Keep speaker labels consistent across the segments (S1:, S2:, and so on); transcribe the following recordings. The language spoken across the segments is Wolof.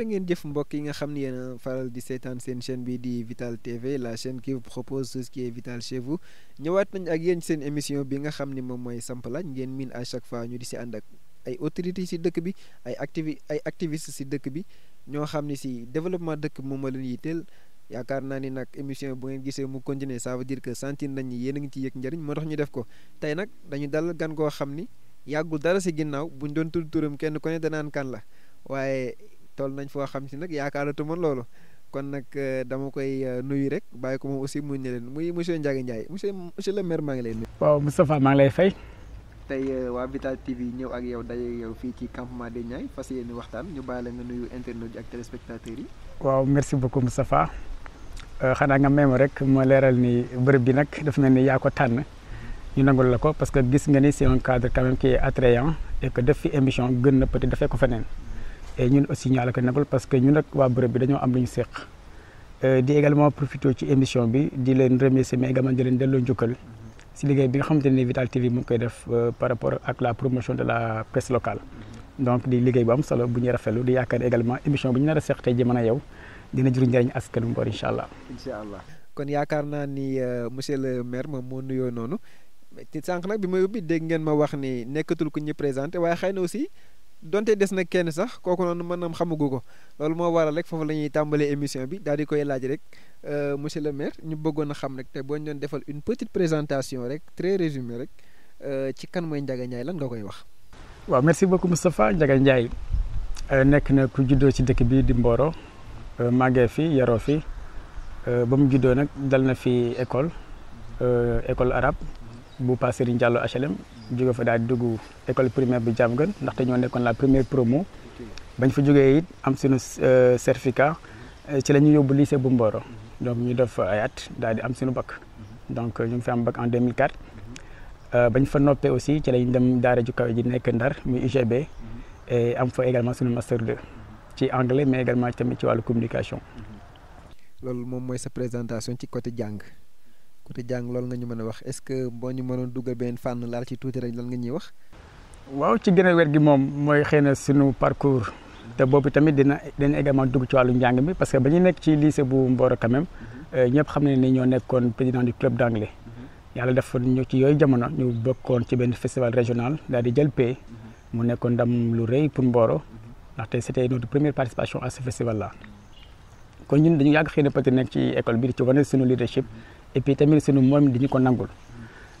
S1: jërë ngeen jëf mbokk yi nga xam ni yéen faral di seetaan seen chaîne bi di Vital TV la chaîne qui vous propose tout ce qui est vital chez vous ñëwaat nañ ak yéen seen émission bi nga xam ni moom mooy samp laaj ngeen miin à chaque fois ñu di si ànd ak ay autorités si dëkk bi ay activi ay activistes si dëkk bi ñoo xam ni si développement dëkk moom moo leen yitteel yaakaar naa ni nag émission bu ngeen gisee mu continuer ça veut dire que sentir nañ ni yéen a ngi ci yëg njëriñ moo tax ñu def ko tey nag dañu dal gan koo xam ni dara si ginnaaw buñ doon turam kenn ku ne danaan kan la waaye toll nañ fo xam ci si nag man lolu kon nak eh, dama koy eh, nuyu rek bàyyi ko moom aussi mu ñëlen muy monsieur Ndiaga Ndiaye monsieur monsieur le maire ma ngi lay nuyu.
S2: waaw mustapha ma ngi lay fay.
S1: tay eh, wa Vital TV ñew ak yow daje yow fi ci campement de Niayes fas yéene waxtaan ñu bàyyi la nga nuyu internet ak téléspectateur yi.
S2: waaw merci beaucoup Moustapha xana nga may rek mo leeral ni bërb bi nak daf melni ya ko tan ñu nangul la ko parce que gis nga ni c'est un cadre quand même qui est attrayant et que def fi émission gën na peut-être dafé ko feneen. et ñun aussi ñala ko nangul parce que ñun nak wa bërëb bi dañoo am luñu ñu euh di également profité ci émission bi di leen remercier mais également di leen delloo njukkal ci liggéey bi nga xamante Vital TV mu ngi koy def euh, par rapport ak la promotion de la presse locale. donc di liggéey bu am solo bu ñuy rafetlu di yaakaar également émission bu ñu nar a séq tey ji mën yow dina jur njëriñ askanu mbor inshallah
S1: inshallah kon yaakaar naa ni euh, monsieur le maire moom moo nuyoo noonu. ci sànq nag bi ma ubbi dégg ngeen ma wax ni nekkatul ku ñu présenté waaye xëy na aussi donte des na kenn sax kooku noonu mën na xamagu ko loolu moo waral rek foofu la ñuy tàmbalee émission bi daal di koy laaj rek euh, monsieur le maire ñu bëggoon a xam rek te boo ñu doon defal une petite présentation rek très résumé rek euh, ci kan mooy Ndiaga Ndiaye lan nga koy wax. waaw
S2: merci beaucoup Moustapha Ndiaga Ndiaye euh, nekk na ku juddoo ci dëkk bi di Mboro màggee fi yaroo fi ba mu juddoo nag dal na fi école école arabe bu Pa Serigne Diallo jóge fa daal di dugg école primaire bi Djamgene, gën ndaxte ñoo nekkoon la première promo bañ fa jógee it am suñu euh, certificat euh, ci la ñu yóbbu lycée bu Mboro donc ñu def ay at daal di am suñu bac donc ñu ngi fi am bac en 2004 euh, bañ fa noppee aussi ci la dem daara ju kawe ji nekk Ndar muy UGB et am fa également suñu master 2 ci anglais mais également tamit ci wàllu communication.
S1: loolu moom mooy sa présentation ci côté jàng côté jang loolu nga ñu mëna wax est-ce que bo ñu mënoon duggal ben fan laal ci tuuti rek lan nga ñuy wax. waaw ci gëna a
S2: wér gi moom mooy xëy suñu sunu parcours. te boobu tamit dina dañ également dugg ci wàllu njàng mi parce que ba ñu nekk ci lycée bu Mboro quand même euh, ñëpp xam ne ni ñoo nekkoon président du club d'anglais yàlla def ñu ci yooyu jamono ñu bokkoon ci benn festival régional daal di jël paie mu nekkoon ndam lu rëy pour Mboro ndaxte c'était notre première participation à ce festival là kon ñun dañu yàgg xëy na peut-être nekk ci école bi ci wane suñu leadership et puis tamit sunu moom diñu ko nangul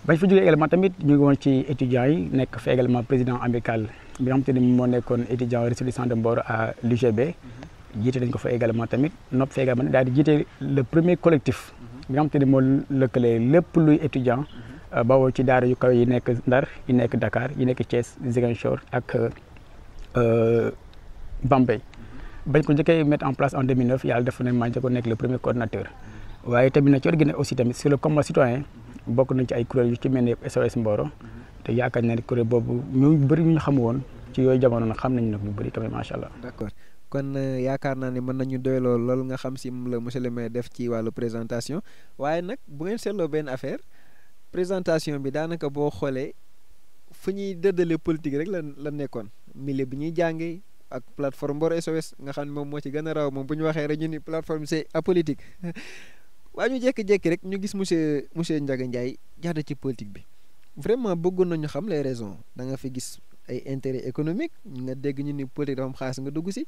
S2: bañ fa jógee également tamit ñu ngi won ci étudiants yi nek fa également président amical bi nga xam mo nekkon moo nekkoon étudiant ressortissant de à l'UGB jité dañ ko fa également tamit nopp fa également daal di jité le premier collectif bi nga xam mo le moo lepp luy étudiant euh, bawo ci daara yu kaw yi nekk Ndar yi nekk Dakar yi nekk Thiès Ziguinchor ak euh, Bambey bañ ko njëkkee mettre en place en 2009 yàlla def na maa njëkkoon nekk le premier coordinateur. waaye tamit nag ci wàllu gën aussi tamit sur le combat citoyen bokk nañ ci ay kuréel yu ci mel ni SOS Mboro te yaakaar naa ne kuréel boobu ñu bëri ñu xam woon
S1: ci yooyu jamono nag xam nañ nag lu bëri tamit macha allah. d'accord kon euh, yaakaar naa ne mën nañu doyloo lool nga xam si moom la monsieur le maire def ci wàllu présentation waaye nag bu ngeen seetloo benn affaire présentation bi daanaka boo xoolee fu ñuy dëddale politique rek la la nekkoon milieu bi ñuy jàngee. ak plateforme Mboro SOS nga xam ne moom moo ci gën a raw moom bu ñu waxee rek ñu ni plateforme c'est apolitique waaye ñu jékki rek ñu gis monsieur monsieur Ndiaga Ndiaye jaada ci politique bi vraiment bëggoon nañu xam les raisons da nga fi gis ay intérêt économique nga dégg ñu ni politique dafa am xaalis nga dugg si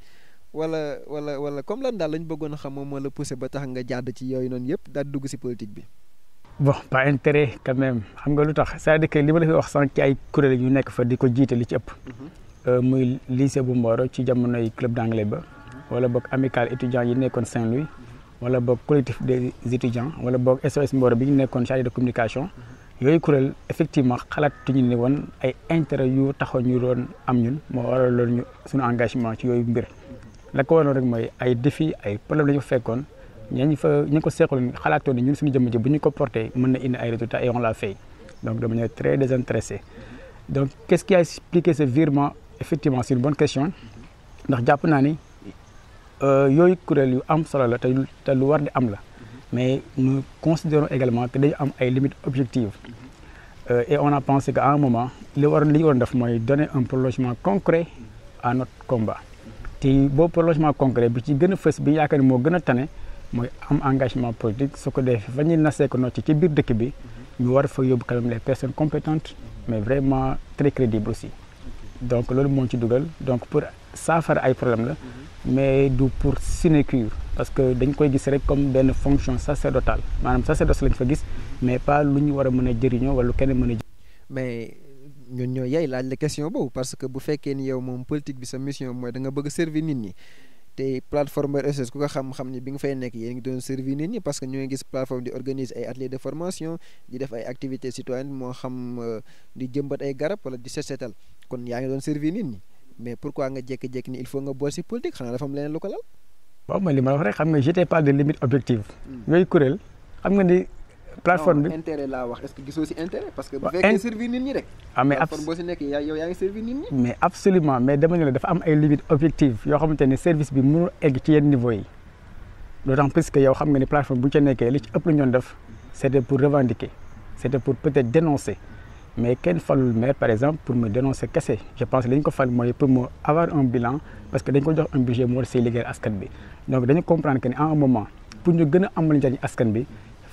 S1: wala wala wala comme lan daal lañ bëggoon a xam moom la poussé ba tax nga jadd ci yooyu noonu yëpp daal dugg si politique bi.
S2: bon pas intérêt quand même xam nga lu tax c'est-à-dire que li ma la fi wax sànq ci ay kuréel yu nekk fa di ko jiite li ci ëpp. Mhm. Euh, muy lycée bu Mboro ci jamonoy club d'anglais ba. Mhm. wala boog amical étudiant yi nekkoon Saint-Louis wala boog collectif des étudiants wala boog SOS Mboro bi ñu nekkoon chargé de communication yooyu kuréel effectivement xalaatuñu ne woon ay intérêt yu taxaw ñu doon am ñun moo waral loolu ñu suñu engagement ci yooyu mbir la ko waroon rek mooy ay défi ay problème la ñu fa fekkoon ñañ fa ña ko seexaloon xalaatoon ni ñun suñu jëmm ji bu ñu ko porté mën na indi ay résultats et on l'a fait donc de manière très désintéressée donc qu'est-ce qui a expliqué ce virement effectivement c'est une bonne question ndax jàpp naa ni euh, yoy kuréel yu am solo la te te lu war di am la mhm. mais nous considérons également que dañu am ay limites objectives mhm. euh, et on a pensé qu'à un moment li war li war def donner un prolongement concret à notre combat mhm. Et bo prolongement concret bi ci gëna fess bi yaakaar mo gëna tané moy am engagement politique Ce que nous fa c'est que ko nocc ci bir dëkk bi ñu war fa les personnes compétentes mais vraiment très crédibles aussi donc lolu mo ci duggal donc pour saafara ay problème là, mais du pour sinécure parce que dañ koy gis rek comme ben fonction sacerdotale manam sacerdoce lañ fa gis mais pas luñu wara war a wala lu kenn mën jëri
S1: mais ñun ñoo yaay laaj la question bo parce que bu fekkee ni yow mom politique bi sa mission moy da nga bëgg servir nit ñi té plateforme RSS ku ko xam-xam ni bi nga fay nekk yéen ngi doon servir nit ñi parce que ñu ngi gis plateforme di organiser ay ateliers de formation di def ay activités citoyennes mo xam euh, di jëmbat ay garap wala di set kon yaa ngi doon servir nit ñi mais pourquoi nga jékki-jékki ni il faut nga boole politique xana dafa am leneen lu ko lal.
S2: waaw mooy li ma wax rek xam nga j'étais pas de limite objective. Hmm. yooyu kuréel xam nga ni. plateforme bi
S1: intérêt la wax est-ce que gisoo ci intérêt. parce que bu fekkee servir nit ñi rek. ah mais plateforme boo si nekk yow yaa ngi servir nit ñi. mais
S2: absolument mais dama ne la dafa am ay limites objectives yoo xamante ne service bi mënul egg ci yenn niveau yi. d'autant plus que yow xam nga ni plateforme bu ñu ca nekkee li ci ëpp lu ñu doon def c'était pour revendiquer c'était pour peut-être dénoncer mais fallu le maire par exemple pour me dénoncer cassé je pense dañ ko fal mooy pour mu avoir un bilan parce que dañ ko jox un budget moi c'est siy à askan bi donc dañu comprendre que un moment pour ñu gëna amul amal njariñ askan bi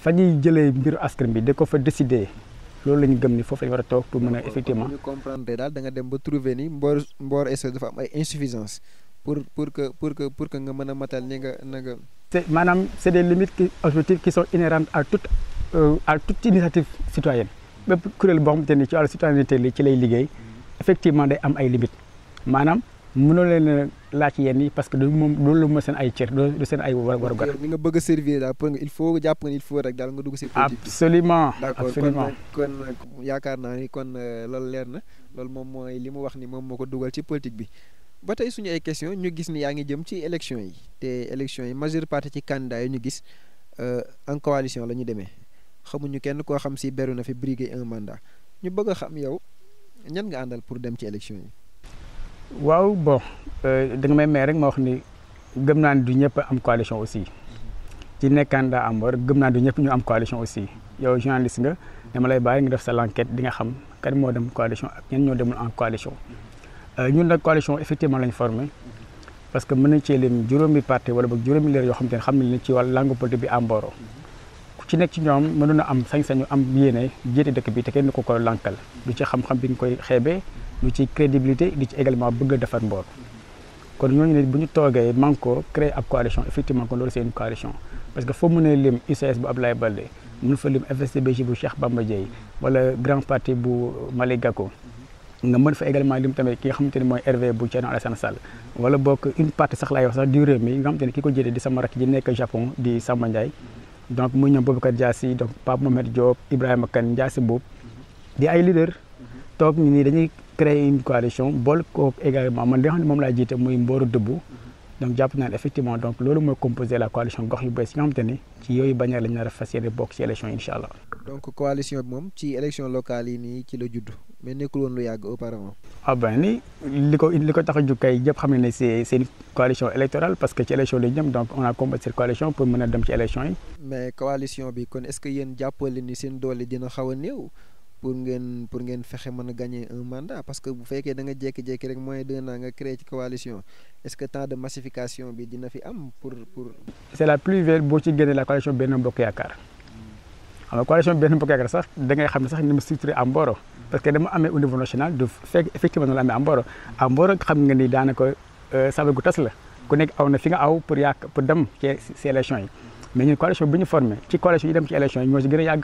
S2: fa ñuy jëlee mbiru askan bi da ko fa décider loolu lañu gëm ni foofu la wara war pour mën effectivement. ñu
S1: comprendre dal da nga dem ba trouver ni Mbor Mbor SOS dafa am ay insuffisance pour pour que pour que pour que nga mën matal ni nga nga.
S2: c'est manam. c'est des limites qui objectifs qui sont inhérentes à toute euh, à toute initiative citoyenne. bépp kuréel boo xamante ni ci wàllu citoyenneté li ci lay liggéey effectivement day am ay limites maanaam mënoo leen laaj yenn yi parce que du moom loolu moo seen ay cër du seen ay war war gar
S1: ni nga bëgg a servir daal pour nga il faut jàpp nga il faut rek daal nga dugg si absolument absolument kon yaakaar naa ni kon euh, loolu leer na loolu moom mooy li mu wax ni moom moo ko dugal ci politique bi ba tey suñu ay question ñu gis ni yaa ngi jëm ci élection yi te élection yi majeure partie ci candidat ñu gis euh, en coalition la ñu demee xamuñu kenn koo xam si beru na fi briguer un mandat ñu bëgg a xam yow ñan nga àndal pour dem ci élection yi.
S2: waaw bon euh, da nga may may rek ma wax ni gëm naa ne du ñëpp am coalition aussi ci nekkanda daa am war gëm naa du ñëpp ñu am coalition aussi yow journaliste nga dama lay bàyyi nga def sa l'enquête di nga xam kan moo dem coalition ak ñan ñoo demul en coalition. Euh, ñun nag coalition effectivement lañ formé parce que mën nañ cee lim juróomi parti wala boog juróomi leer yoo xam te xam nañ ne ci wàllu langue politique bi am mbooro ci nekk ci ñoom mënoon a am sañ-sañu am yéene jiite dëkk bi te kenn ko ko lankal du ci xam-xam bi nga koy xeebe du ci crédibilité du ci également bëgg defar mboor kon ñooñu ne bu ñu toogee manko créer ab coalition effectivement ko loolu c'est une coalition parce que foo mënee lim UCS bu Abdoulaye Baldé mën fa lim FSD/BJ wala Grand Parti bu Malick Gakou nga mën fa également lim tamit ki nga xamante ni mooy RV bu Thierno Alassane Sall wala bokk une partie sax laay wax sax du réew mi nga xamante ne ki ko jëlee di sama rakk ji nekk Japon di Samba Ndiaye donc muy ñoom ka Diassi donc Pape Mohamed Diop Ibrahima kan Diassi Mboup di ay leader toog ñu nii dañuy créer une coalition bool ko également man li nga xam ne moom laa jiite muy mbooru dëbbu donc jàpp effectivement donc loolu mooy composé la coalition gox yu bees yi nga xamante ci yooyu bannière lañ nar a fas yéene bokk ci élection incha allah.
S1: donc coalition bi moom ci élection locale yi nii ci la judd mais nekkul woon lu yàgg auparavant.
S2: ah ben ni li ko li ko tax a jug kay ñëpp xam ne c'est c'est une coalition électorale parce que ci élection lañ ñëm donc on a combattu cette coalition pour mën a dem ci élection yi.
S1: mais coalition bi kon est-ce que yéen jàppale ni seen doole dina xaw a néew pour ngeen pour ngeen fexé mën gagner un mandat parce que bu féké da nga jékki-jékki rek moins deux an nga créer ci coalition est-ce que temps de massification bi dina fi am pour pour.
S2: c'est la plus verte bo ci gagner la coalition benn mbok yakar xam nga coalition benn mbok yakar sax da ngay xamni sax ni ma structuré am Mboro parce que dama amé au niveau national du fait effectivement la amé am Mboro am Mboro xam nga ni euh, sabar gu tas la ku nek awna fi nga aw pour yak pour dem ci ci élection yi mais ñun coalition bu ñu formé ci coalition yi dem ci élection ñoo ci gëna yag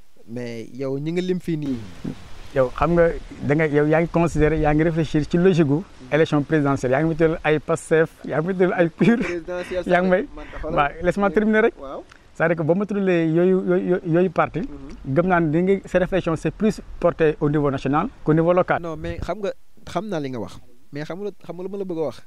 S1: mais yow ñi nga lim fi ni
S2: yow xam nga da nga yow yaa ngi considérer yaa ngi réfléchir ci logique élection présidentielle yaa ngi may tëral ay Pastef yaa ngi may ay PUR yaa ngi may waaw laisse-moi terminer rek c'est-à-dire que boo ma tuddee yooyu yooyu yooyu parti mhm. gëm naa ne nga sa réflexion c'est plus porté au niveau national qu'au niveau local non mais xam nga xam naa li nga wax
S1: mais xam nga xam nga lu ma la bëgg a wax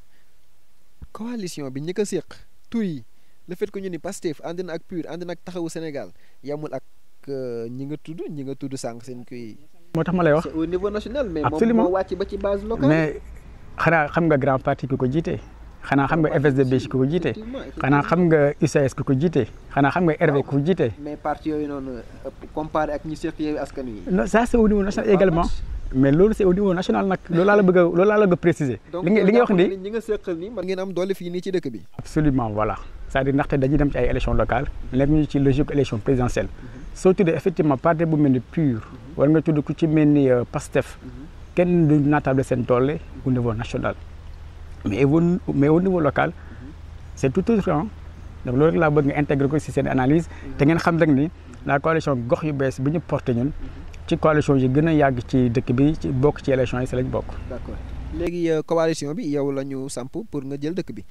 S1: coalition bi ñi ko séq tur yi le fait que ñu ni Pastef ànd na ak PUR ànd na ak taxawu Sénégal yamul ak ak ñi nga tudd ñi nga tudd sànq seen kuy. moo tax ma lay wax au niveau national. mais moom moo wàcc
S2: xanaa xam nga grand parti ki ko jiite. xanaa xam nga FSD/BJ ki ko jiite. xanaa xam nga UCS ki ko jiite. xanaa xam nga ko jiite.
S1: mais parti au niveau national également.
S2: mais loolu c'est au niveau national nag loolu laa la a loolu laa la bëgg a préciser. li nga li nga wax ni
S1: ñi nga seqal ni man ngeen am doole fii nii ci dëkk bi.
S2: absolument voilà c'est-à-dire ndaxte dañuy dem ci ay élections locales. lépp ñu ci logique élection présidentielle. Mm-hmm. soo tuddee effectivement parti bu mel ni PUR war nga tuddu ku ci melni euh, PASTEF kenn du natable sen doole au niveau national mais mais au niveau local c'est tout autre chose hein. donc loolu rek laa bëgg nga intégrer ko ci sen analyse té ngeen xam rek ni la coalition gox yu bees bi ñu porté ñun ci coalition yi gëna a ci dëkk bi ci bok ci élection yi c'est lañ bok
S1: d'accord légui léegi euh, coalition bi yow lañu samp pour nga jël dëkk bi.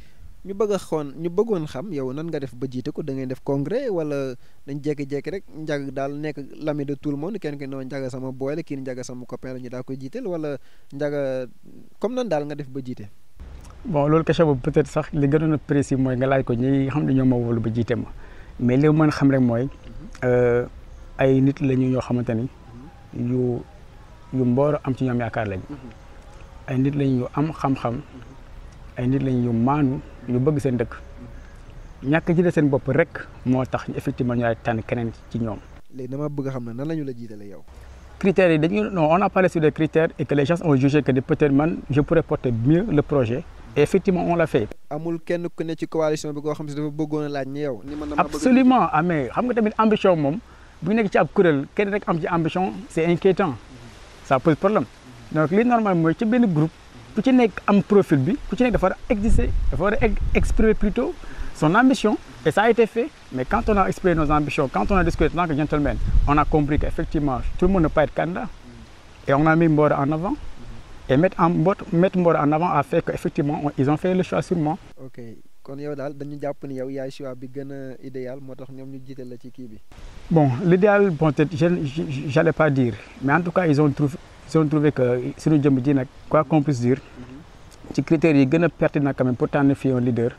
S1: ñu bëgg a xoon ñu bëggoon xam yow nan nga def ba jiite ko da ngay def congrès wala dañ jékki-jékki rek njag daal nekk l'ami de tout le monde kenn ki noo njaga sama boy la kii njaga sama copain la ñu daa koy wala njaga comme nan daal nga def ba jiite.
S2: bon loolu question boobu peut-être sax gënoon a précis mooy nga laaj ko ñi xam ne ñoo ma wóolu jiite ma mais li ma xam rek mooy mhm. euh, ay nit la ñu ñoo xamante ni yu yu mbooro am ci ñoom yaakaar lañu. Mhm. ay nit lañu ñu am xam-xam. Mhm. ay nit lañ yu maanu yu bëgg seen dëkk ñàkk ci de seen bopp rek moo tax effectivement ñu tànn keneen ci ñoom.
S1: léegi dama bëgg xam ne nan la ñu la jiitale yow.
S2: critères yi dañu non on a parlé sur les critères et que les gens ont jugé que peut-être man je pourrais porter mieux le projet. et effectivement on l'a fait.
S1: amul kenn ku ne ci coalition bi koo xam si dafa bëggoon laaj ni yow. ni man absolument amee ah, xam nga tamit ambition moom bu ñu nekk ci ab kuréel kenn rek am ci
S2: ambition c'est inquiétant ça pose problème donc li normal mooy ci benn groupe ku ci profil bi exister exprimer plutôt son ambition et ça a été fait mais quand on a exprimé nos ambitions quand on a discuté avec les que gentleman on a compris qu'effectivement tout le monde ne peut pas être candidat et on a mis Mbora en avant et mettre en en avant a fait qu'effectivement ils ont fait le choix sur
S1: ok quand yow tu dañu le ni yow y choix bi idéal
S2: bon l'idéal bon je j'allais pas dire mais en tout cas ils ont trouvé si on trouvait que si nous sommes nag quoi qu'on puisse dire ci critères yi gëna pertinent quand même pour tànn fi un leader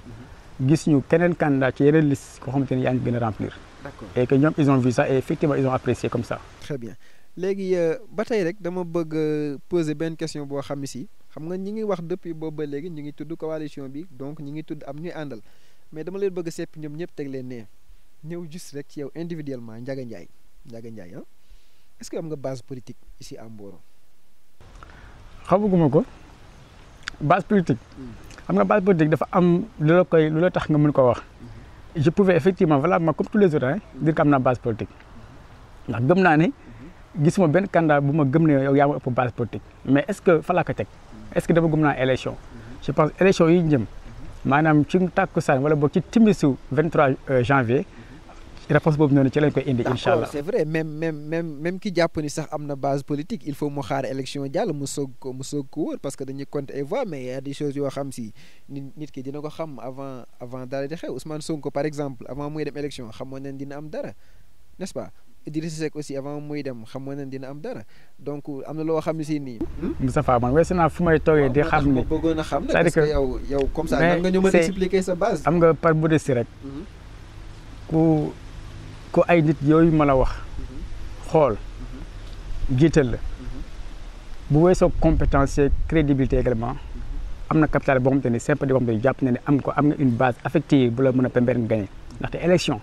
S2: gis ñu keneen candidat ci yeneen liste ko xamanteni ne yaa ngi gën a remplir. d'accord et que ñoom ils ont vu ça et effectivement ils ont apprécié comme ça. très bien
S1: léegi euh, ba tey rek dama bëgg euh, poser benn question boo xam si xam nga ñi ngi wax depuis boobu ba léegi ñu ngi tudd coalition bi donc ñi ngi tudd am ñuy àndal mais dama leen bëgg a seppi ñoom ñëpp teg leen ne ñëw juste rek ci yow individuellement Ndiaga Ndiaye Ndiaga Ndiaye ah est-ce que am nga base politique ici à Mboro
S2: xamaguma base politique hmm. xam nga base politique dafa am lu la koy lu tax nga mën ko wax hmm. je pouvais effectivement voilà, ma comme tous les autres hein hmm. dire que base politique ndax gëm naa ne gisuma benn candidat bu ma gëm ne yow yaa ma ëpp base politique mais est-ce que fa laa ko est-ce que dama gëm naa élection je pense élection yi jëm maanaam ci tàkkusaan wala boog ci timisu 23 euh, janvier réponse bobu noonu ci lañ koy indi inshallah c'est
S1: vrai même même même même ki japp ni sax amna base politique il faut mu xaar élection jàll mu soog ko mu soog ko wër parce que dañuy compte ay voix mais y a des choses yoo xam si nit nit ki dina ko xam avant avant dara di xew Ousmane Sonko par exemple avant muy dem élection xamoon nañ dina am dara n'est-ce pas Idriss Seck aussi avant muy dem xamoon nañ dina am dara donc am na loo xam ne si nii. Hmm?
S2: Moustapha man weesu naa fu may toogee di xam ni bëggoon a xam nag parce que yow yow comme ça nan nga ñu mën expliquer sa base. am nga par modestie rek hmm? ku ko ay nit yooyu ma la wax xool jiital la bu weesoo compétence crédibilité également am na capital boo xamante ni sympathie boo xamante jàpp ne am ko am nga une base affective bu la mën a permettre nga gagné ndaxte élection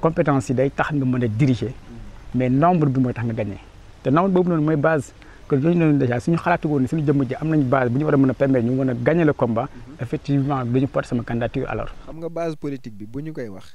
S2: compétence yi day tax nga mën a diriger mais nombre bi mooy tax nga gagné te nombre boobu noonu mooy base que yooyu noonu déjà suñu xalaatu woon ne suñu jëmm ji am nañu base bu ñu war a mën a ñu mën a gagné le combat effectivement dañu porte sama candidature alors.
S1: xam nga base politique bi bu ñu koy wax.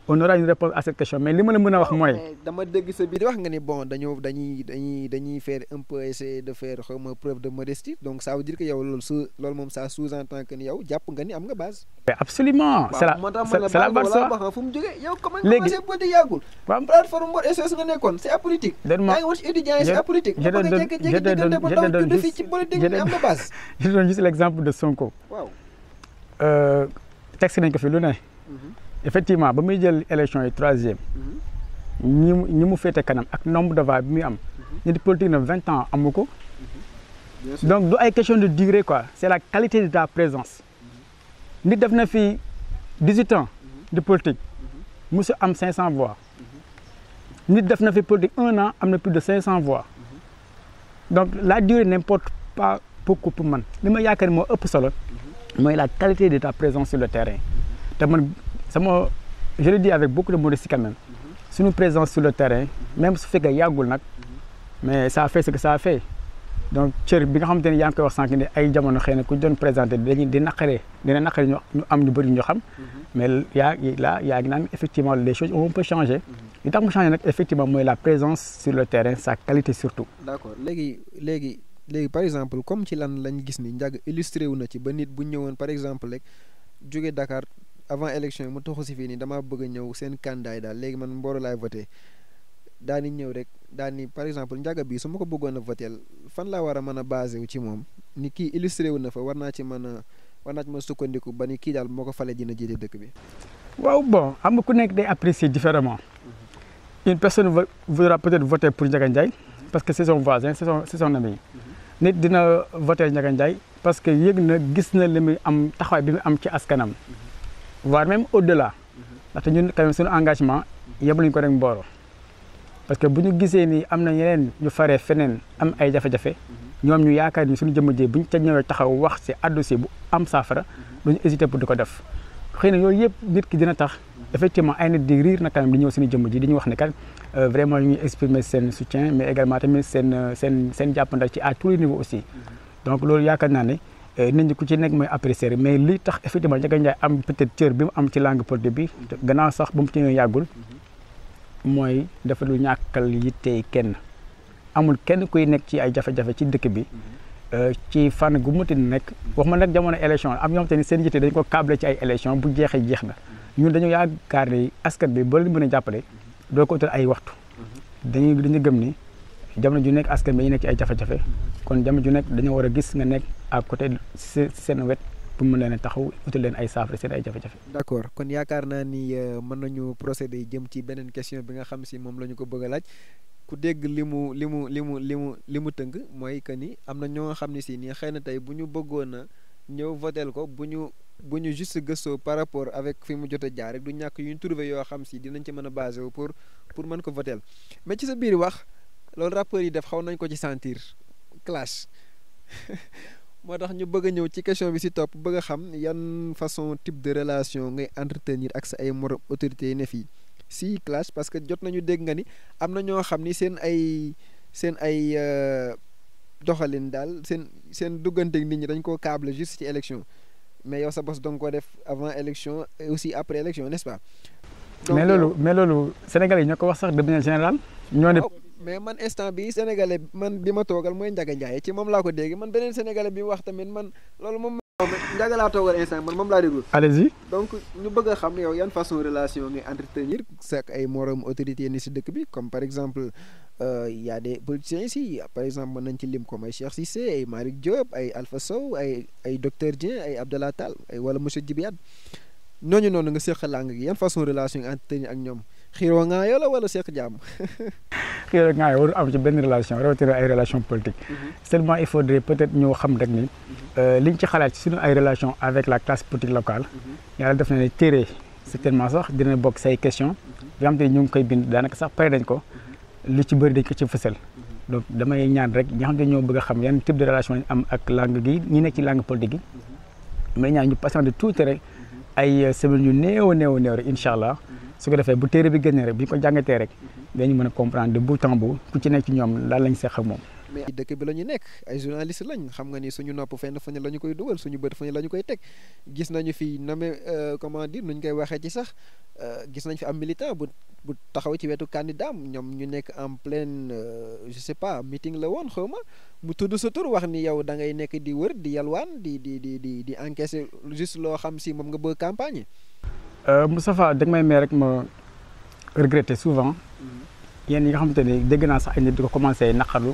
S2: on aura une réponse à cette question mais bon un
S1: peu essayer de faire preuve de modestie donc ça veut dire que ça sous-entend que yow C'est base. absolument. c'est la c'est la base plateforme c'est apolitique. c'est je l'exemple
S2: de Sonko. Euh, texte effectivement bamuy jël élection yi troisième e ñi mu fété kanam ak nombre de voix bi muy am ans donc question de durée quoi c'est la qualité de ta présence nit def na fi 18 ans de politique monsieur am 500 voix nit def na fi politique un an plus de 500 voix donc la durée n'importe pas beaucoup pour man li ëpp solo la qualité de ta présence sur le terrain sama je le dis avec beaucoup de modestie quand même mhm. Si nous présence sur le terrain même fait que yàggul nag mhm. mais ça a fait ce que ça a fait donc si bi nga des gens qui ngi koy wax sànq ne ay jamono xëy na ku doon présenté dañuy di naqaree dina ñu am ñu ñu xam mhm. mais là il y a effectivement les choses où on peut changer il tax changer effectivement la présence sur le terrain sa qualité surtout
S1: d'accord Légui, par exemple comme tu l'as dit, gis ni njàgg illustré wu na ci par exemple rek Dakar avant élection yi toxu taxu si fii nii damaa bëgg a ñëw seen candidat yi daal léegi man Mboro laay voté daani ñëw rek daani par exemple njaga bi su ma ko bëggoon a votel fan laa war a mën a basé wu ci moom ni kii illustré wu na fa war naa ci mën a war naa ci mën a sukkandiku ba ni kii daal moo ko fale dina jiite dëkk bi
S2: waaw bon xam nga ku nekk day apprécier différemment mhm. une personne voudra peut-être voter pour Ndiaga Ndiaye parce que c'est son voisin c'est son c'est son ami mhm. nit dina voter Ndiaga Ndiaye parce que yëg na gis na li muy am taxawaay bi mu am ci askanam mhm voire même au delà nous, quand engagement parce que si nous ni am na des ñu qui ont am ay jafe-jafe ñoom ñu yaakaar ni suñu nous jee buñ ca ñëwee taxaw wax si am hésité pour le def qui nit effectivement ay nit na quand di ji wax euh, vraiment ñu exprimer soutien mais également tamit seen euh, à tous les niveaux aussi donc nit ñi ko ci nekk mooy apprécier mais li tax effectivement Ndiaga Ndiaye am peut-être cër bi mu am ci langue politique bi gannaaw sax bu mu ci mooy dafa lu ñàkkal yittey kenn amul kenn kuy nekk ci ay jafe-jafe ci dëkk bi euh, ci fànn gu muti nekk wax ma nag jamono élection am ñoom te ni seen yitte dañ ko câble ci ay élection bu jeexee jeex na ñun dañu yaakaar ni askan bi boo leen mën a jàppale doo ko utal ay waxtu dañuy dañu gëm ni jamono ju nekk askan bi ñu nekk ci ay jafe-jafe kon jamono ju nekk dañoo war a gis nga nekk à côté si seen wet pour mun leen ne taxaw utal leen ay saafara seen ay jafe-jafe. d'accord
S1: kon yaakaar naa ni euh, mën nañu procéder jëm ci beneen question bi nga xam si moom la ñu ko bëgg laaj. ku dégg li mu li mu li mu li mu li mu tënk mooy que ni am na ñoo nga xam ne si nii xëy na tey bu ñu bëggoon a ñëw votel ko bu ñu bu ñu juste gëstoo par rapport avec fi mu jot a jaar rek du ñàkk yu ñu trouvé yoo xam si dinañ ci mën a basé wu pour pour mën ko votel loolu rappeurs yi def xaw nañ ko ci sentir clash moo tax ñu bëgg ñëw ci question bi si topp bëgg a xam yan façon type de relation ngay entretenir ak sa ay morom autorité ne fii si clash parce que jot nañu dégg nga ni am na ñoo xam ni seen ay sen ay euh, doxalin daal sen sen dugganteeg nit ñi dañ koo câble juste ci élection mais yow sa bos donc ko def avant élection et aussi après élection n'est-ce pas. mais loolu
S2: mais loolu Sénégalais yi ko wax sax de manière générale. ñoo
S1: mais man instant bi sénégalais man bima togal moy ndaga Ndiaga ci mom la ko dégg man benen sénégalais bi wax tamit man lolu mom ndaga la togal instant man mom la déglu. allez-y donc ñu bëgg xam yow yan façon relation ngay entretenir sak ay morom autorité ni ci dëkk bi comme par exemple euh, y a des politiciens ici par exemple man ci lim comme ay Cheikh Cissé ay Malick Diop ay Alpha Sow ay ay docteur Dieng ay Abdallah tal ay wala monsieur Djibiat ñoñu noonu nga seq làng gi yan façon relation nga entretenir ak ñom xiro nga yow la wala cheikh diam
S2: que gars yi am ci benn relation rawatina ay relation politique mhm. seulement il faudrait peut-être ñu xam rek ni mhm. euh, liñ ci xalaat ci suñu ay relation avec la classe politique locale mhm. yàlla def na ne téere certainement sax dina bokk say question yoo xam te ñu ngi koy bind daanaka sax pare dañ ko lu ci bëri dañ ko ci fësal donc damay ñaan rek ñi xam te ñoo bëgg a xam yan type de relation lañ am ak langue gi ñi nekk ci langue politique gi mais ñaan ñu patienté tuuti rek ay semaines euh, yu néew néew néew rek incha allah mhm. su ko defee bu téere bi génnee rek bu ñu ko jàngatee rek mhm. dañu mën a comprendre bu bout en ku ci nekk ci ñoom lan lañ seq ak moom
S1: mais dëkk bi la ñu nekk ay journaliste lañ xam nga ni suñu nopp fenn fu ne la ñu koy dugal suñu bët fu ne la ñu koy teg gis nañu fi name euh, comment dire nuñ koy waxee ci sax euh, gis nañ fi am militant bu bu taxaw ci wetu candidat ñom ñu nekk en pleine euh, je sais pas meeting la woon xaw ma mu tudd sa tur wax ni yow da ngay nekk di wër di yalwaan di di di di di encaisser juste loo xam si moom nga bëgg campagne
S2: Moustapha dag may may rek ma regretter souvent mm-hmm. yéen yi nga xamante ne dégg naa sax ay nit di ko commencé naqarlu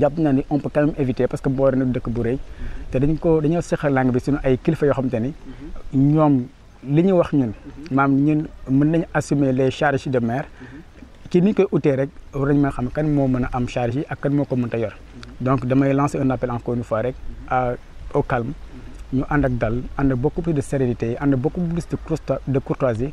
S2: jàpp naa ni on peut quand même parce que Mbour na dëkk bu rëy te dañ ko dañoo seqal langue bi suñu ay kilifa yoo xam ni ñoom li ñu wax ñun maam ñun mën nañu assumer les charges de maire ci ni koy utee rek war nañ mën xam kan moo mën a am charge yi ak kan moo ko mënta yor donc damay lancer un appel encore une fois rek au calme ñu ànd ak dal ànd beaucoup plus de sérénité ànd beaucoup plus de courtoisie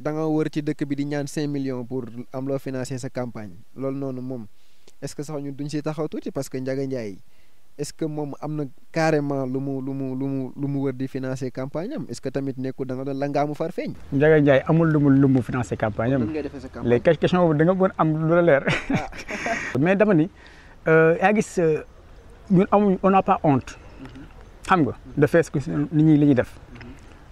S1: da nga wër ci dëkk bi di ñaan amlo millions pour am lo financer sa campagne lool noonu mom est-ce que sax ñu duñ ci taxaw tuuti parce que Ndiaga Ndiaye est-ce que mom amna carrément lu mu lu mu lu mu lu mu wër di financer campagne am est-ce que tamit neeku da nga doon la mu far feñ
S2: Ndiaga amul lu mu lu mu financer campagne am. les question boobu da nga mën am lu la leer. Ah. mais dama ni ya gis euh, ñun amu on a pas honte. Mm-hmm. xam nga de ce que li ñi def.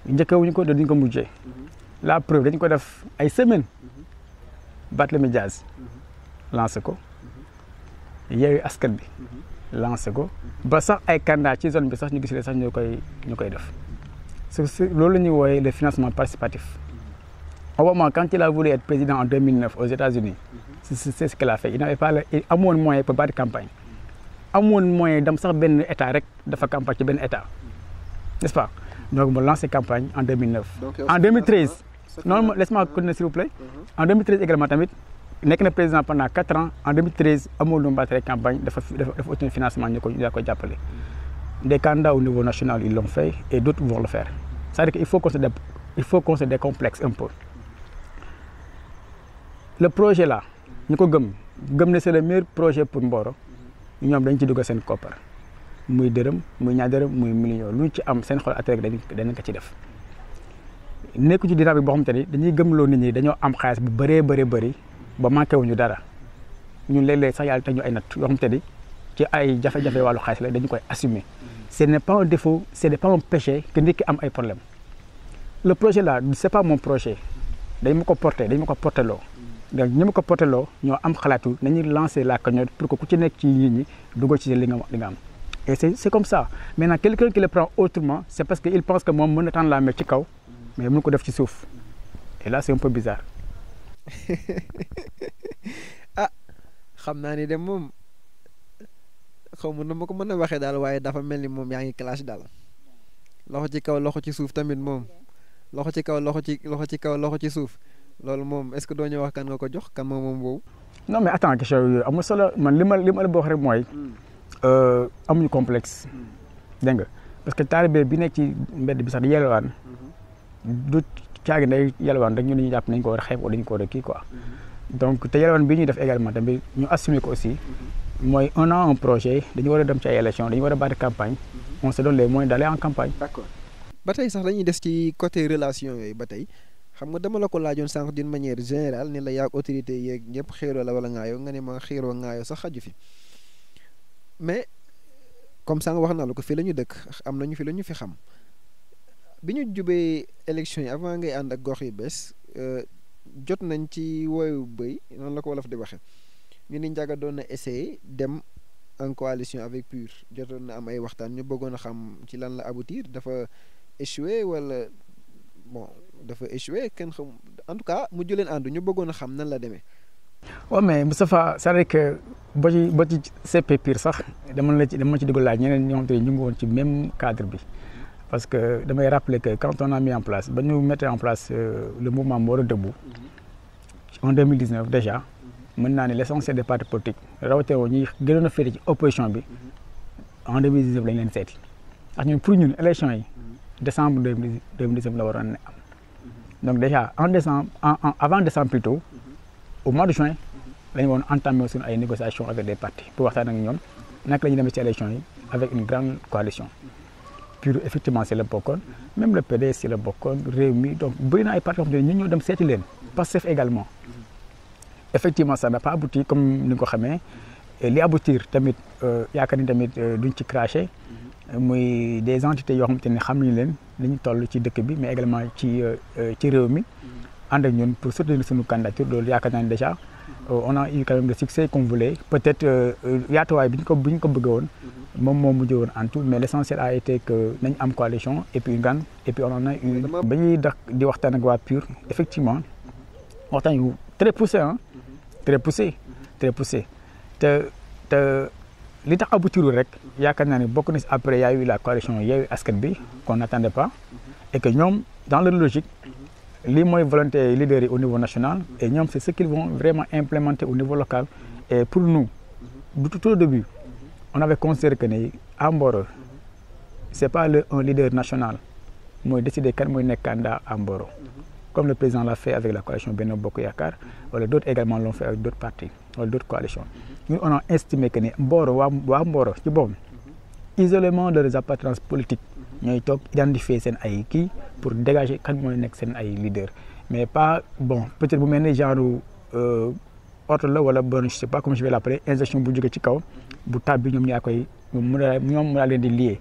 S2: Mm-hmm. ko ko mujjé mm-hmm. la preuve dañ ko def ay semaines mhm. Barthélémy Dias mhm. lancé ko mhm. Yewwi Askan bi lancé ko ba sax ay candidats ci zone bi sax ñu gis leen sax ñu koy ñu koy def c'est loolu la ñuy wooyee le financement participatif Obama quand il a voulu être président en 2009 aux États-Unis c'est ce qu'il a fait il n'avait pas le amoon moyen pour battre campagne amoon moyen dem sax benn état rek dafa campagne ci benn état n'est-ce pas donc a lancé campagne en 2009 en 2013 non laisse-moi continuer s'il vous plaît. Mhm. en 2013 également tamit nekk na président pendant quatre ans en 2013 amul lu mu la campagne dafa a fait un financement ñu ko ñu appelé. Mhm. des candidats au niveau national ils l'ont fait et d'autres vont le faire c'est-à-dire qu'il faut qu'on se il faut qu'on se décomplexe un peu le projet là ñu ko gëm c'est le meilleur projet pour Mboro ñoom dañ ci dugg seen koppar muy dërëm muy ñaar muy million lu ñu ci am seen xol attiré dañ dañ ko ci def nekku ci dynamique boo xam te ni dañuy gëmloo nit ñi dañoo am xaalis bu bëree bëree bëri ba manqué wuñu dara ñun léeg-léeg sax yàlla teg ñu ay natt yoo xam te ci ay jafe-jafe wàllu xaalis la dañu koy assumer ce n'est pas un défaut ce n'est pas un péché que nit ki am ay problème le projet là c'est pas mon projet dañ ma ko porté dañ ma ko porté loo donc ñi ma ko porté loo ñoo am xalaatu nañuy lancer la cagnotte pour que ku ci nekk ci nit ñi dugal ci li nga li nga am et c'est c'est comme ça maintenant quelqu'un qui le prend autrement c'est parce que il pense que moom mën na tànn la mer ci kaw mais mënu ko def ci souf et là c'est un peu bizarre
S1: ah xamna ni dem mom xaw ma nu ma ko mën a dafa melni mom yaangi clash dal loxo ci kaw loxo ci souf tamit mom loxo ci kaw loxo ci loxo ci kaw loxo ci souf loolu mom est ce que doo ñu wax kan nga ko jox kan mom mom boobu
S2: non mais attends question yooyu amul solo man lima lima bo xere moy hmm. euh amuñu complexe hmm. deng nga parce que talibé bi nek ci mbéd bi sax di du caagi day yalwaan rek ñu ñu jàpp nañ ko war a xeeb wala dañu ko war a kii quoi donc te yalwaan bi ñuy def également tamit ñu assumer ko aussi mooy un an un projet dañu war a dem ci ay élection dañu war a battre campagne on se donne les moyens d'aller en campagne d'accord
S1: ba tey sax dañuy des ci côté relation yooyu ba tey xam nga dama la ko laajoon sànq d'une manière générale ni la yaag autorité yeeg ñëpp xiiroo la wala ngaayoo nga ne ma xiiroo ngaayoo sax xaju fi mais comme sànq wax naa la ko fii la ñu dëkk am nañu fi la ñu fi xam bi ñu jubee élection yi avant ngay ànd ak gox yu bees euh, jot nañ ci woowu bëy noonu la ko wolof di waxee ñu ni Ndiaga doon na essayé dem en coalition avec PUR jotoon na am ay waxtaan ñu bëggoon a xam ci lan la aboutir dafa échoué wala bon dafa échoué kenn xam en tout cas mu juleen àndu ñu bëggoon a xam nan la demee.
S2: waaw mais Moustapha c'est-à-dire que ba ci ba ci CP PUR sax dama na ci dama ci dugg laaj ñeneen ñoo xam te ñu ngi woon ci même cadre bi. Parce que je me rappelle que quand on a mis en place, ben nous mettons en place euh, le mouvement Moro Debout, en 2019 déjà, mm -hmm. l'essentiel des partis politiques, nous avons fait l'opposition en 2019. Nous avons fait pour élection en décembre 2019, Donc déjà, en décembre, en, avant décembre plutôt, au mois de juin, nous avons entamé une négociation avec des partis pour voir ça dans l'Union. Nous avons fait élection avec une grande coalition effectivement c'est le bokon même le PDS c'est le bokon Réumi. donc Bruna et ay parti yoo xam ne ñun ñoo parce également effectivement ça n'a pas abouti comme nous le ko xamee li aboutir tamit euh, a quand tamit euh, duñ ci craché des entités qui ont ne xam nañu leen li ci dëkk mais également ci euh, ci réew mi de ñun pour soutenir candidatures. candidature loolu yaakaar déjà euh, on a eu quand même le succès qu'on voulait peut-être qu'il y a ko eu ñu ko mhm. en tout mais l'essentiel a été que avons une coalition et puis une ngan et puis on en a eu une. ñuy pure. di PUR effectivement très poussé hein mhm. très poussé très poussé te te li au rec rek yaakaar naa ne après y a eu la coalition a eu Askenby qu'on n'attendait pas mhm. et que nous, dans leur logique moyens volontaires, volonté leader au niveau national et nous, c'est ce qu'ils vont vraiment implémenter au niveau local et pour nous tout au début on avait considéré que ne c'est pas un leader national décidé que candidat comme le président l'a fait avec la coalition Benno Bokk Yakar, d'autres également l'ont fait avec d'autres partis ou d'autres coalitions Nous, on a estimé que l'isolement Amboro, isolement de leurs appartenances politiques ñoy tok identifier sen ay ki pour dégager kan mo nek sen ay leader mais pas bon peut-être bu mel genre euh ordre la wala bon je sais pas comment je vais l'appeler injection bu jogé ci kaw bu tabbi ñom ñoom ñaa koy ñom mu la leen di lier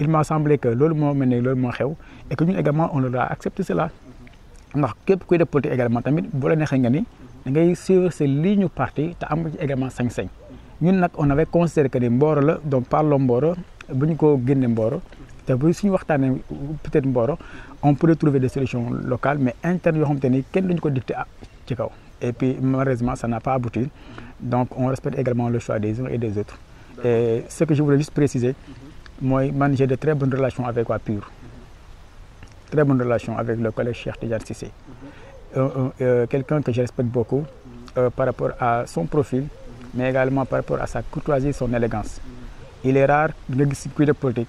S2: il m'a semblé que lolu mo mel lolu mo xew et que ñun également on doit accepter cela ndax képp kuy def politique également tamit bu la nexé nga ni da ngay suivre sa ligne parti ta am ci également sañ-sañ ñun nak on avait considéré que ni Mboro la donc parlons Mboro buñ ko guéné Mboro peut-être on pourrait trouver des solutions locales mais internes yoo xamante ah et puis malheureusement ça n'a pas abouti donc on respecte également le choix des uns et des autres et ce que je voulais juste préciser mhm. moi j'ai de très bonnes relations avec Wapur. très bonnes relations avec le collège Cheikh Tidiane Cissé mhm. euh, euh, euh, quelqu'un que je respecte beaucoup mhm. par rapport à son profil mais également par rapport à sa courtoisie son élégance il est rare de le de politique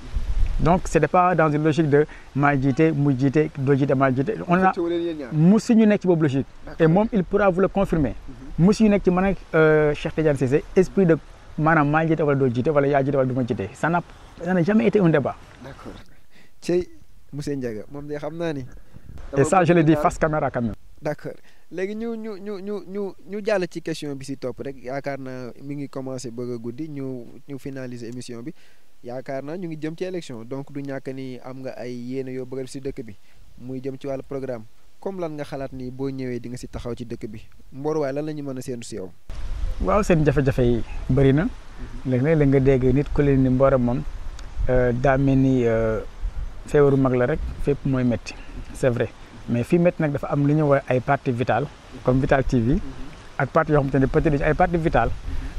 S2: donc ce n'était pas dans une logique de majité, on a Moussi ñu et il pourra vous le confirmer. Moussi mhm. est ci man ak euh, Cheikh esprit de maanaam majité ou wala ça n'a jamais été un débat.
S1: D'accord. et ça je le dis face caméra quand même. nous ñu ñu ñu ñu ñu question bi rek commencé bëgg a ñu yaakaar naa ñu ngi jëm ci élection donc du ñàkk nii am nga ay yéene yoo bëgg si dëkk bi muy jëm ci wàllu programme comme lan nga xalaat ni boo ñëwee di nga si taxaw ci dëkk bi Mbor lan la ñu mën a séentu si yow.
S2: waaw seen jafe-jafe na. Mhm. léeg-léeg la nga dégg nit ku leen ni Mbor moom euh, daa mel ni euh, feebaru mag la rek fépp mooy métti c'est vrai mais fii métti nag dafa am lu ñu woowee ay parties vitales comme Vital TV. Mhm. ak parties yoo xamante ne peut-être ay parties vitales. Mhm.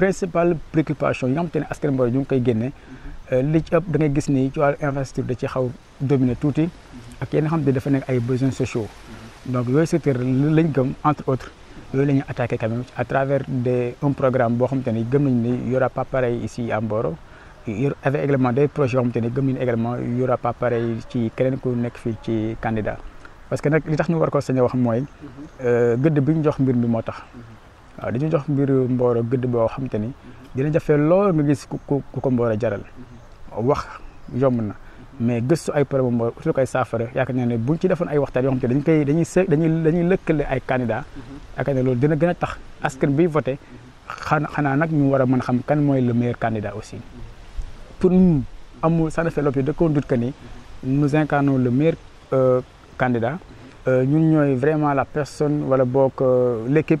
S2: principale préoccupation yi nga xamante ne askan mbooy ñu koy génne euh, li ci ëpp da ngay gis ni ci wàllu investiture da ci xaw dominer tuuti ak yeen xam ne dafa nekk ay besoins sociaux donc yooyu secteur lañ gëm entre autres yooyu la ñuy attaqué quand même à travers des un programme boo xamante ni gëm nañ ni y aura pas pareil ici à Mboro avec également des projets yoo xamante ni gëm nañu également y aura pas pareil ci keneen ku nekk fii ci candidat parce que nag li tax ñu war ko sañ a wax mooy mhm. euh, gëdd bi ñu jox mbir mi moo tax waaw dañuy jox mbir Mboro gëdd boo xam te ni dina jafe loo nga gis ku ku ko Mboro jaral wax yomb na mais gëstu ay problème Mboro utul ko ay saafara yaakaar naa ne buñ ci defoon ay waxtaan yoo xam te dañ koy dañuy së dañuy dañuy lëkkale ay candidat yaakaar ne loolu dina gën a tax askan biy voté xana xanaa nag ñu war a mën xam kan mooy le mair candidat aussi pour amu amul ça ne fait l'objet d'aucun doute que ni nous incarnons le meilleur euh, candidat euh, ñun ñooy vraiment la personne wala boog euh, l'équipe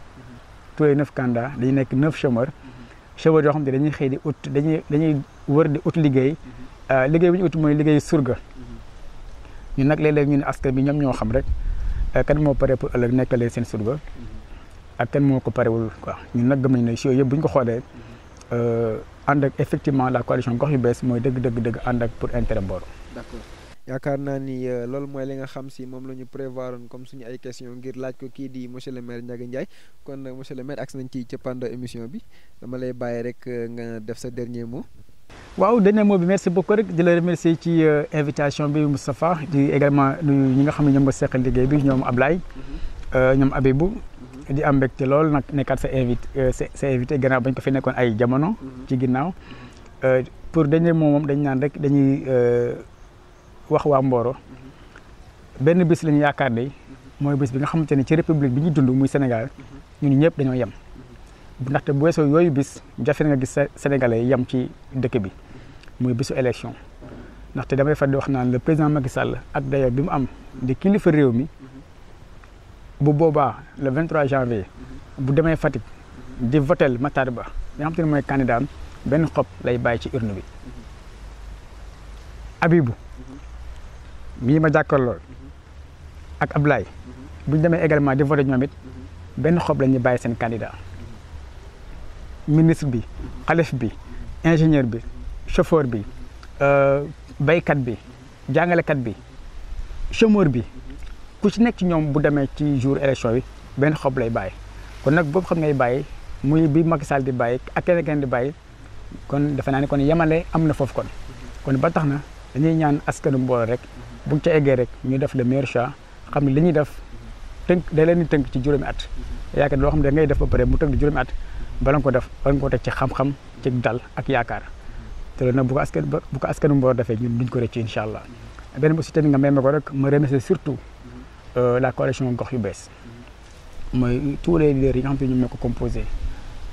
S2: tous les neuf candidats dañuy nekk neuf chômeurs chômeurs yoo xam ne dañuy xëy di ut dañuy dañuy wër di ut liggéey euh, liggéey bi ñu ut mooy liggéey surga ñu nag léeg-léeg ñu ne askan bi ñoom ñoo xam rek euh, kan moo pare pour ëllëg nekkalee seen surga ak kenn moo ko parewul quoi ñun nag gëm nañ ne si yooyu yëpp bu ñu ko xoolee euh, ànd ak effectivement la coalition gox yi bees mooy dëgg dëgg dëgg ànd ak pour intérêt Mboro
S1: d'accord yaakaar naa ni euh, loolu mooy li nga xam si moom la ñu prévoir comme suñu ay question ngir laaj ko kii di monsieur le maire Ndiaga Ndiaye kon monsieur le maire ak nañ ci cëppaandoo émission bi dama lay bàyyi rek euh, nga def sa dernier mot.
S2: waaw dernier mot bi merci beaucoup rek di la remercier ci euh, invitation bi Moustapha di également nuyu ñi nga xam ne ñoom nga seqal liggéey bi ñoom ab Ablaye. Mhm. ñoom Abibou. Mhm. di am mbégte lool nag nekkaat sa invité sa sa invité gannaaw bañ ko fi nekkoon ay jamono. Mhm. ci ginnaaw pour dernier mot moom dañ naan rek dañuy. wax wa Mboro benn bis lañu yaakaar day mooy bis bi nga xamante ne ci république bi ñu dund muy Sénégal ñun ñëpp dañoo yem ndaxte bu weesoo yooyu bis jafe nga gis Sénégalais yem ci dëkk bi muy bisu élection ndaxte damay far di wax naan le président Macky Sall ak dayo bi mu am di kilifa réew mi bu boobaa le 23 janvier bu demee Fatick di voter Matarba nga xamante ne mooy candidat benn xob lay bàyyi ci urne bi Abibou mii ma jàkkaarloo ak Ablaye bu demee également di voté ñoom it benn xob la ñuy bàyyi seen candidat ministre bi xalif bi ingénieur bi chauffeur bi euh, baykat bi jàngalekat bi chômeur bi ku ci nekk ci ñoom bu demee ci jour élection bi benn xob lay bàyyi kon nag boobu xam ngay bàyyi muy bi Macky Sall di bàyyi ak keneen keneen di bàyyi kon defe naa ne kon yemale am na foofu kon kon ba na dañuy ñaan askanu mbooloo rek buñ ca eggee rek ñu def le meilleur choix xam ne li ñuy def tënk day leen di tënk ci juróomi at yaakaar loo xam ne da ngay def ba pare mu tënk juróomi at bala ko def bala nga ko teg ci xam-xam ci ak yaakaar te loolu nag bu ko askan bu ko askanu mboor defee ñun duñ ko rëcc incha allah beneen aussi tamit nga may ma ko rek ma remercier surtout euh, la coalition gox yu bees mooy tous les leaders yi nga xam te ne ñoom ñoo ko composé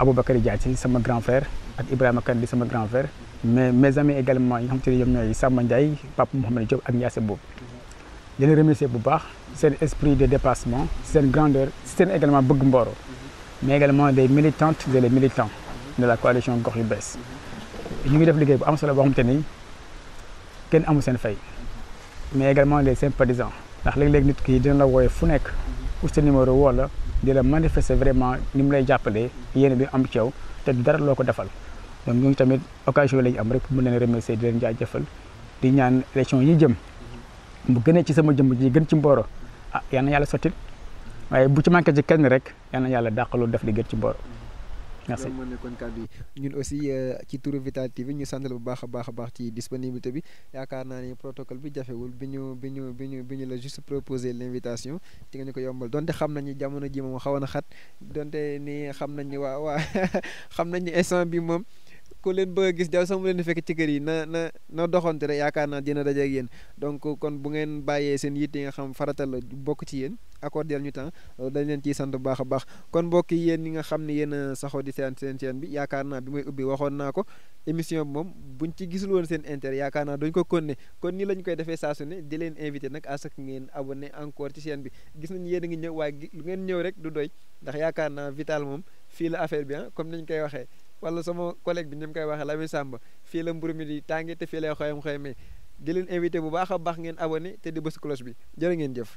S2: Aboubacar Diagne si sama grand frère ak Ibrahima Kane di sama grand frère mais mes amis également yi nga xam te ne Ndiaye Papa Mohamed Diop ak Ndiasse boobu di remercie remercier bu baax esprit de dépassement seen grandeur seen également bëgg Mboro mais également des militantes et des militants de la coalition Gox Yu Bees ñu ngi def liggéey bu am solo boo xam ni amul fay mais également les sympathisants ndax léeg-léeg nit ki dina la wooye fu nekk pour sa numéro woo la di manifester vraiment ni mu lay jàppalee yéen bi am ci et te dara loo ko defal donc ñoom tamit occasion lañu am rek pour mën leen remercier di leen jaajëfal di ñaan élection yi jëm mu gënee ci sama jëm ji gën ci mbooro ah yal na yàlla sotti waaye bu ci manqué ci kenn rek yal na yàlla dàqaloo def li gën ci mbooro
S1: merci moo nekkoon kàddu yi ñun aussi euh, ci turu Vitale TV ñu santal bu baax a baax a baax ci disponibilité bi yaakaar naa ni protocole bi jafewul bi ñu bi ñu bi ñu bi ñu la juste proposer l' invitation ci nga ñu ko yombal donte xam na ñu jamono ji moom xawoon a xat donte ni xam nañ ni waaw waa xam nañ ni instant bi moom ku leen bëgg a gis jaw sama leen di fekk ci kër yi na na na doxante rek yaakaar naa dina daje ak yéen donc kon bu ngeen bàyyee seen yitte nga xam faratal la bokk ci yéen accordel ñu temps dañ leen ciy sant bu a baax kon mbokk yi yéen ñi nga xam ne yéen saxoo di seen bi yaakaar naa bi waxoon naa ko émission moom buñ ci gisul woon seen intérêt yaakaar naa duñ ko konne kon nii lañ koy defee saa ne di leen invité nag à ce que ngeen abonné encore ci chaîne bi gis nañ yéen a ngi ñëw waaye lu ngeen ñëw rek du doy ndax yaakaar naa vital moom fii la affaire bi ah comme ñu koy waxee wala sama collègue bi ni mu koy waxee Lamine Samba fii la mburu mi di tànge te fii lay xoyam xoyamee di leen invité bu baax a baax ngeen abonné te di bës cloche bi jërë ngeen jëf